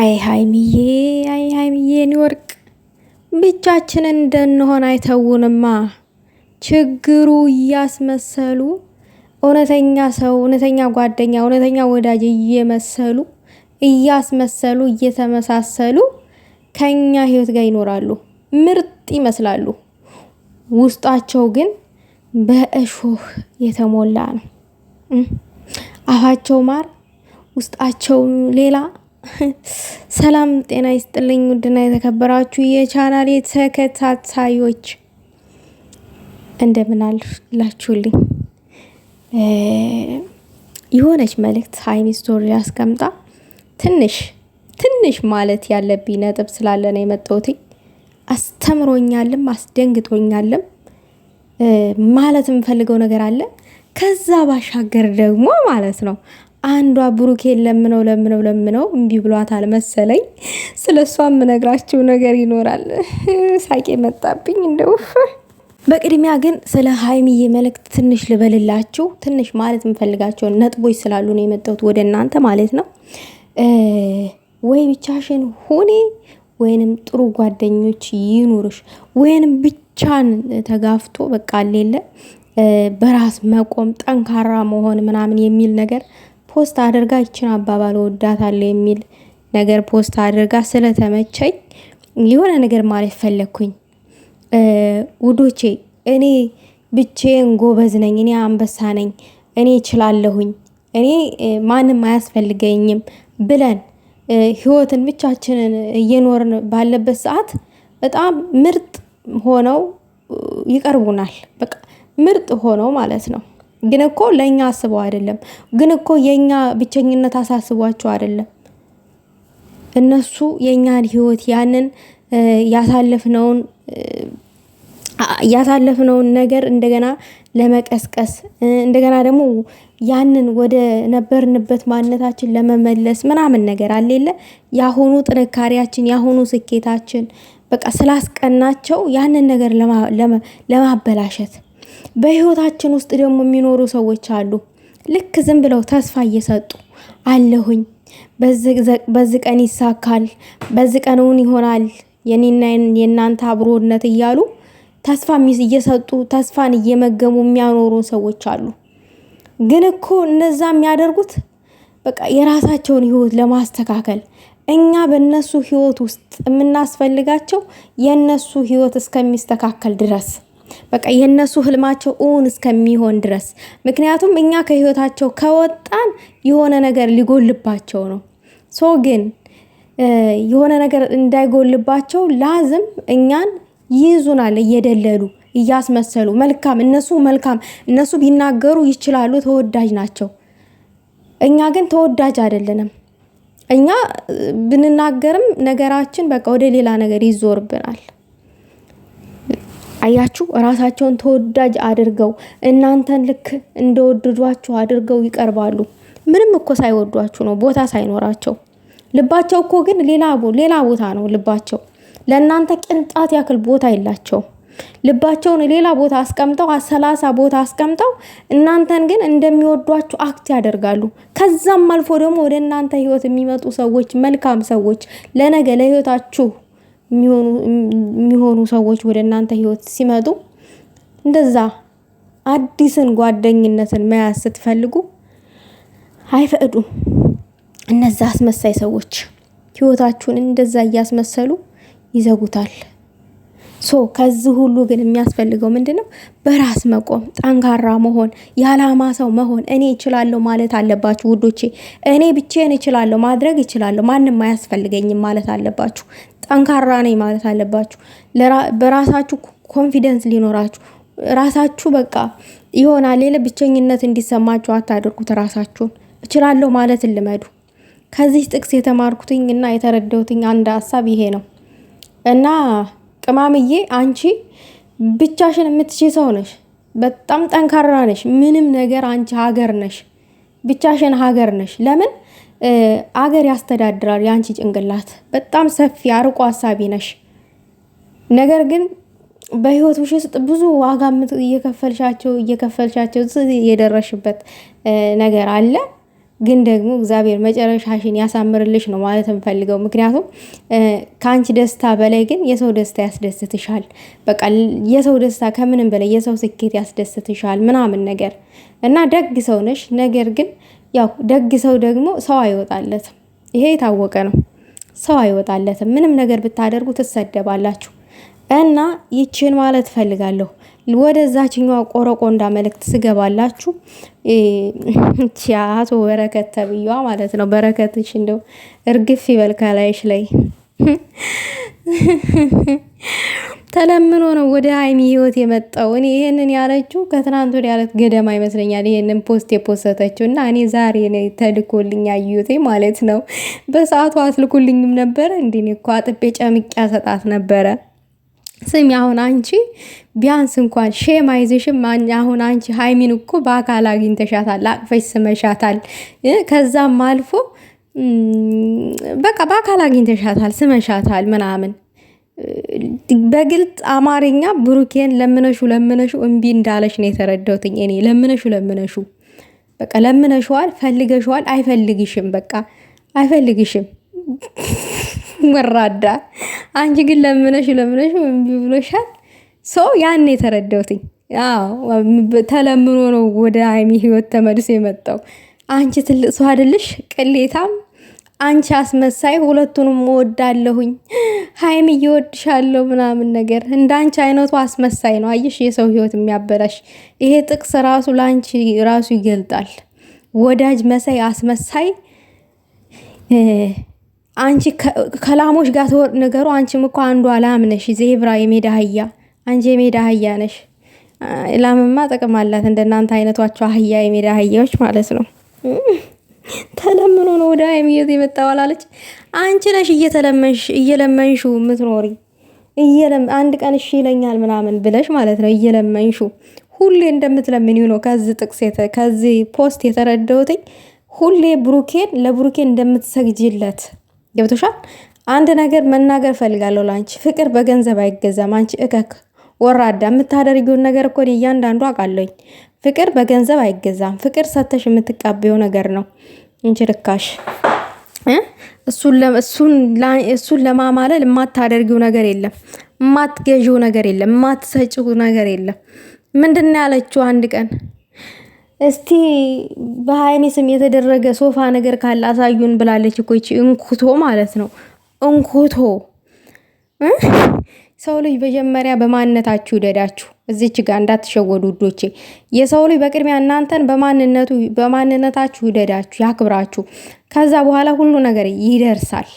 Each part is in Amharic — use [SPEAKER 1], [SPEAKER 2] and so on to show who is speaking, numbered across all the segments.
[SPEAKER 1] አይ ሀይሚዬ አይ ሀይሚዬ ኒወርቅ ብቻችን እንደንሆን አይተውንማ። ችግሩ እያስመሰሉ እውነተኛ ሰው እውነተኛ ጓደኛ እውነተኛ ወዳጅ እየመሰሉ እያስመሰሉ እየተመሳሰሉ ከኛ ህይወት ጋር ይኖራሉ። ምርጥ ይመስላሉ። ውስጣቸው ግን በእሾህ የተሞላ ነው። አፋቸው ማር፣ ውስጣቸው ሌላ ሰላም ጤና ይስጥልኝ። ውድና የተከበራችሁ የቻናል የተከታታዮች እንደምን አላችሁልኝ? የሆነች መልእክት ሀይሚ ስቶሪ አስቀምጣ ትንሽ ትንሽ ማለት ያለብኝ ነጥብ ስላለ ነው የመጣሁት። አስተምሮኛልም አስደንግጦኛልም ማለት የምፈልገው ነገር አለ። ከዛ ባሻገር ደግሞ ማለት ነው አንዷ ብሩኬን ለምነው ለምነው ለምነው እምቢ ብሏታል መሰለኝ። ስለ እሷ የምነግራችሁ ነገር ይኖራል። ሳቄ መጣብኝ እንደው። በቅድሚያ ግን ስለ ሀይሚዬ መልእክት ትንሽ ልበልላችሁ። ትንሽ ማለት የምፈልጋቸው ነጥቦች ስላሉ ነው የመጣሁት ወደ እናንተ ማለት ነው። ወይ ብቻሽን ሁኔ ወይንም ጥሩ ጓደኞች ይኑርሽ፣ ወይንም ብቻን ተጋፍቶ በቃ ሌለ በራስ መቆም ጠንካራ መሆን ምናምን የሚል ነገር ፖስት አድርጋ ይችን አባባል ወዳታለሁ የሚል ነገር ፖስት አድርጋ ስለተመቸኝ የሆነ ነገር ማለት ፈለግኩኝ። ውዶቼ እኔ ብቼን ጎበዝ ነኝ፣ እኔ አንበሳ ነኝ፣ እኔ እችላለሁኝ፣ እኔ ማንም አያስፈልገኝም ብለን ህይወትን ብቻችንን እየኖርን ባለበት ሰዓት በጣም ምርጥ ሆነው ይቀርቡናል። በቃ ምርጥ ሆነው ማለት ነው። ግን እኮ ለእኛ አስበው አይደለም። ግን እኮ የእኛ ብቸኝነት አሳስቧቸው አይደለም። እነሱ የእኛን ህይወት ያንን ያሳለፍነውን ያሳለፍነውን ነገር እንደገና ለመቀስቀስ እንደገና ደግሞ ያንን ወደ ነበርንበት ማንነታችን ለመመለስ ምናምን ነገር አሌለ ያሁኑ ጥንካሬያችን የአሁኑ ስኬታችን በቃ ስላስቀናቸው ያንን ነገር ለማበላሸት በህይወታችን ውስጥ ደግሞ የሚኖሩ ሰዎች አሉ። ልክ ዝም ብለው ተስፋ እየሰጡ አለሁኝ፣ በዚህ ቀን ይሳካል፣ በዚህ ቀን እውን ይሆናል የኔና የእናንተ አብሮነት እያሉ ተስፋ እየሰጡ ተስፋን እየመገሙ የሚያኖሩ ሰዎች አሉ። ግን እኮ እነዛ የሚያደርጉት በቃ የራሳቸውን ህይወት ለማስተካከል እኛ በእነሱ ህይወት ውስጥ የምናስፈልጋቸው የእነሱ ህይወት እስከሚስተካከል ድረስ በቃ የነሱ ህልማቸው እውን እስከሚሆን ድረስ። ምክንያቱም እኛ ከህይወታቸው ከወጣን የሆነ ነገር ሊጎልባቸው ነው። ሶ ግን የሆነ ነገር እንዳይጎልባቸው ላዝም እኛን ይይዙናል እየደለሉ እያስመሰሉ መልካም እነሱ መልካም እነሱ ቢናገሩ ይችላሉ፣ ተወዳጅ ናቸው። እኛ ግን ተወዳጅ አይደለንም። እኛ ብንናገርም ነገራችን በቃ ወደ ሌላ ነገር ይዞርብናል። አያችሁ ራሳቸውን ተወዳጅ አድርገው እናንተን ልክ እንደወደዷችሁ አድርገው ይቀርባሉ። ምንም እኮ ሳይወዷችሁ ነው፣ ቦታ ሳይኖራቸው። ልባቸው እኮ ግን ሌላ ቦታ ነው ልባቸው። ለእናንተ ቅንጣት ያክል ቦታ የላቸው። ልባቸውን ሌላ ቦታ አስቀምጠው ሰላሳ ቦታ አስቀምጠው እናንተን ግን እንደሚወዷችሁ አክት ያደርጋሉ። ከዛም አልፎ ደግሞ ወደ እናንተ ህይወት የሚመጡ ሰዎች መልካም ሰዎች ለነገ ለህይወታችሁ የሆኑ ሰዎች ወደ እናንተ ህይወት ሲመጡ እንደዛ አዲስን ጓደኝነትን መያዝ ስትፈልጉ አይፈቅዱም። እነዛ አስመሳይ ሰዎች ህይወታችሁን እንደዛ እያስመሰሉ ይዘጉታል። ሶ ከዚህ ሁሉ ግን የሚያስፈልገው ምንድን ነው? በራስ መቆም፣ ጠንካራ መሆን፣ የዓላማ ሰው መሆን። እኔ እችላለሁ ማለት አለባችሁ ውዶቼ። እኔ ብቻዬን እችላለሁ፣ ማድረግ እችላለሁ፣ ማንም አያስፈልገኝም ማለት አለባችሁ። ጠንካራ ነኝ ማለት አለባችሁ። በራሳችሁ ኮንፊደንስ ሊኖራችሁ ራሳችሁ በቃ ይሆናል። ሌለ ብቸኝነት እንዲሰማችሁ አታደርጉት። ራሳችሁን እችላለሁ ማለት ልመዱ። ከዚህ ጥቅስ የተማርኩትኝ እና የተረዳሁትኝ አንድ ሀሳብ ይሄ ነው እና ቅማምዬ አንቺ ብቻሽን የምትችይ ሰው ነሽ። በጣም ጠንካራ ነሽ። ምንም ነገር አንቺ ሀገር ነሽ፣ ብቻሽን ሀገር ነሽ። ለምን አገር ያስተዳድራል የአንቺ ጭንቅላት። በጣም ሰፊ አርቆ ሀሳቢ ነሽ። ነገር ግን በህይወት ውስጥ ብዙ ዋጋ እየከፈልሻቸው እየከፈልሻቸው የደረሽበት ነገር አለ። ግን ደግሞ እግዚአብሔር መጨረሻሽን ያሳምርልሽ ነው ማለት የምፈልገው። ምክንያቱም ከአንቺ ደስታ በላይ ግን የሰው ደስታ ያስደስትሻል። በቃ የሰው ደስታ ከምንም በላይ የሰው ስኬት ያስደስትሻል ምናምን ነገር እና ደግ ሰው ነሽ። ነገር ግን ያው ደግ ሰው ደግሞ ሰው አይወጣለትም። ይሄ የታወቀ ነው። ሰው አይወጣለትም። ምንም ነገር ብታደርጉ ትሰደባላችሁ እና ይችን ማለት ፈልጋለሁ። ወደዛችኛዋ ቆረቆንዳ መልእክት ስገባላችሁ አቶ በረከት ተብያ ማለት ነው። በረከትሽ እንደው እርግፍ ይበል ከላይሽ ላይ ተለምኖ ነው ወደ ሀይሚ ህይወት የመጣው። እኔ ይህንን ያለችው ከትናንት ወዲያ ያለት ገደማ ይመስለኛል ይህንን ፖስት የፖሰተችው እና እኔ ዛሬ ነው ተልኮልኝ አዩቴ ማለት ነው። በሰዓቱ አትልኩልኝም ነበረ እንዲህ እኮ አጥቤ ጨምቄ ሰጣት ነበረ። ስሚ አሁን አንቺ ቢያንስ እንኳን ሼም አይዝሽም። አሁን አንቺ ሀይሚን እኮ በአካል አግኝተሻታል፣ አቅፈሽ ስመሻታል። ከዛም አልፎ በቃ በአካል አግኝተሻታል፣ ስመሻታል ምናምን በግልጽ አማርኛ ብሩኬን ለምነሹ ለምነሹ እምቢ እንዳለሽ ነው የተረዳውትኝ። እኔ። ለምነሹ ለምነሹ በቃ ለምነሸዋል፣ ፈልገሸዋል፣ አይፈልግሽም። በቃ አይፈልግሽም። ወራዳ አንቺ ግን ለምነሽ ለምነሽ እምቢ ብሎሻል። ሰው ያን የተረዳውትኝ ተለምኖ ነው ወደ ሀይሚ ህይወት ተመልሶ የመጣው። አንቺ ትልቅ ሰው አይደለሽ? ቅሌታም አንቺ አስመሳይ፣ ሁለቱንም እወዳለሁኝ፣ ሀይሚ እየወድሻለሁ ምናምን ነገር። እንደ አንቺ አይነቱ አስመሳይ ነው። አየሽ፣ የሰው ህይወት የሚያበላሽ ይሄ ጥቅስ ራሱ ለአንቺ ራሱ ይገልጣል። ወዳጅ መሳይ አስመሳይ አንቺ ከላሞች ጋር ተወር ነገሩ። አንቺም እኮ አንዷ ላም ነሽ፣ ዜብራ የሜዳ አህያ። አንቺ የሜዳ አህያ ነሽ። ላምማ ጥቅም አላት፣ እንደናንተ አይነቷቸው አህያ የሜዳ አህያዎች ማለት ነው። ተለምኖ ነው ወደ ሀይሚየት የመጣው አላለች። አንቺ ነሽ እየተለመንሽ እየለመንሹ ምትኖሪ አንድ ቀን እሺ ይለኛል ምናምን ብለሽ ማለት ነው። እየለመንሹ ሁሌ እንደምትለምኒው ነው። ከዚ ጥቅስ ከዚህ ፖስት የተረዳሁትኝ ሁሌ ብሩኬን ለብሩኬን እንደምትሰግጅለት ገብቶሻል። አንድ ነገር መናገር ፈልጋለሁ ላንቺ። ፍቅር በገንዘብ አይገዛም። አንቺ እከክ ወራዳ የምታደርጊውን ነገር እኮ እያንዳንዱ አውቃለኝ። ፍቅር በገንዘብ አይገዛም። ፍቅር ሰተሽ የምትቃበው ነገር ነው እንጂ ርካሽ እሱን ለማማለል የማታደርጊው ነገር የለም፣ የማትገዢው ነገር የለም፣ የማትሰጭው ነገር የለም። ምንድን ነው ያለችው አንድ ቀን እስቲ በሀይሚ ስም የተደረገ ሶፋ ነገር ካለ አሳዩን ብላለች እኮ ይቺ እንኩቶ ማለት ነው። እንኩቶ ሰው ልጅ መጀመሪያ በማንነታችሁ ይውደዳችሁ። እዚች ጋር እንዳትሸወዱ ውዶቼ። የሰው ልጅ በቅድሚያ እናንተን በማንነቱ በማንነታችሁ ይውደዳችሁ፣ ያክብራችሁ። ከዛ በኋላ ሁሉ ነገር ይደርሳል።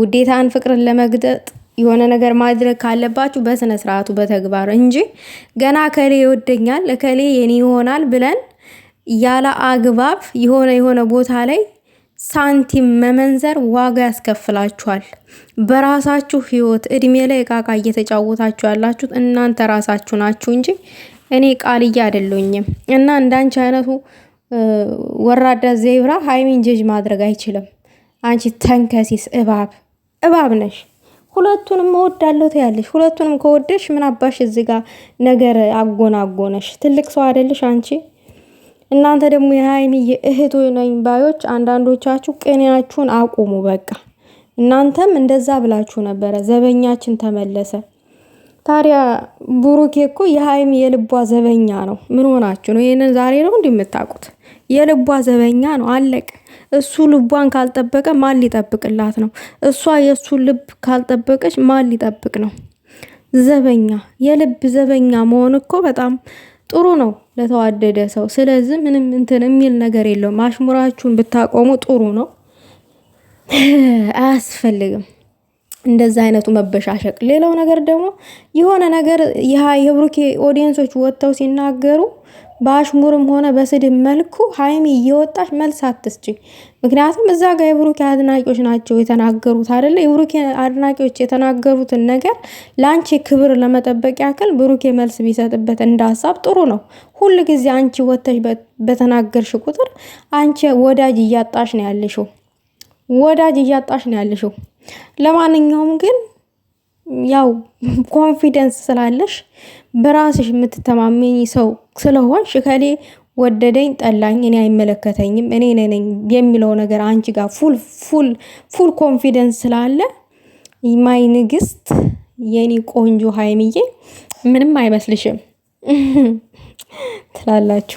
[SPEAKER 1] ውዴታን፣ ፍቅርን ለመግጠጥ የሆነ ነገር ማድረግ ካለባችሁ በስነ ስርዓቱ በተግባር እንጂ ገና እከሌ ይወደኛል እከሌ የኔ ይሆናል ብለን ያለ አግባብ የሆነ የሆነ ቦታ ላይ ሳንቲም መመንዘር ዋጋ ያስከፍላችኋል። በራሳችሁ ህይወት እድሜ ላይ ቃቃ እየተጫወታችሁ ያላችሁት እናንተ ራሳችሁ ናችሁ እንጂ እኔ ቃልዬ አይደለሁኝም። እና እንዳንቺ አይነቱ ወራዳ ዜብራ ሀይሚን ጀጅ ማድረግ አይችልም። አንቺ ተንከሲስ እባብ እባብ ነሽ። ሁለቱንም እወዳለሁ ትያለሽ። ሁለቱንም ከወደሽ ምን አባሽ እዚህ ጋ ነገር አጎናጎነሽ? ትልቅ ሰው አይደለሽ አንቺ። እናንተ ደግሞ የሀይሚ እህት ነኝ ባዮች አንዳንዶቻችሁ ቅኔያችሁን አቁሙ። በቃ እናንተም እንደዛ ብላችሁ ነበረ፣ ዘበኛችን ተመለሰ። ታዲያ ብሩኬ እኮ የሀይሚ የልቧ ዘበኛ ነው። ምን ሆናችሁ ነው? ይህንን ዛሬ ነው እንደምታውቁት? የልቧ ዘበኛ ነው፣ አለቅ። እሱ ልቧን ካልጠበቀ ማን ሊጠብቅላት ነው? እሷ የእሱን ልብ ካልጠበቀች ማን ሊጠብቅ ነው? ዘበኛ የልብ ዘበኛ መሆን እኮ በጣም ጥሩ ነው ለተዋደደ ሰው። ስለዚህ ምንም እንትን የሚል ነገር የለውም። አሽሙራችሁን ብታቆሙ ጥሩ ነው፣ አያስፈልግም እንደዛ አይነቱ መበሻሸቅ። ሌላው ነገር ደግሞ የሆነ ነገር የብሩኬ ኦዲየንሶች ወጥተው ሲናገሩ በአሽሙርም ሆነ በስድብ መልኩ ሀይሚ እየወጣች መልስ አትስጪ። ምክንያቱም እዛ ጋር የብሩኬ አድናቂዎች ናቸው የተናገሩት አደለ? የብሩኬ አድናቂዎች የተናገሩትን ነገር ለአንቺ ክብር ለመጠበቅ ያክል ብሩኬ መልስ ቢሰጥበት እንደ ሀሳብ ጥሩ ነው። ሁል ጊዜ አንቺ ወተሽ በተናገርሽ ቁጥር አንቺ ወዳጅ እያጣሽ ነው ያለሽው፣ ወዳጅ እያጣሽ ነው ያለሽው። ለማንኛውም ግን ያው ኮንፊደንስ ስላለሽ በራስሽ የምትተማመኝ ሰው ስለሆንሽ ከሌ ወደደኝ ጠላኝ እኔ አይመለከተኝም እኔ ነኝ የሚለው ነገር አንቺ ጋር ፉል ፉል ፉል ኮንፊደንስ ስላለ ማይ ንግስት የኔ ቆንጆ ሀይምዬ ምንም አይመስልሽም ትላላችሁ።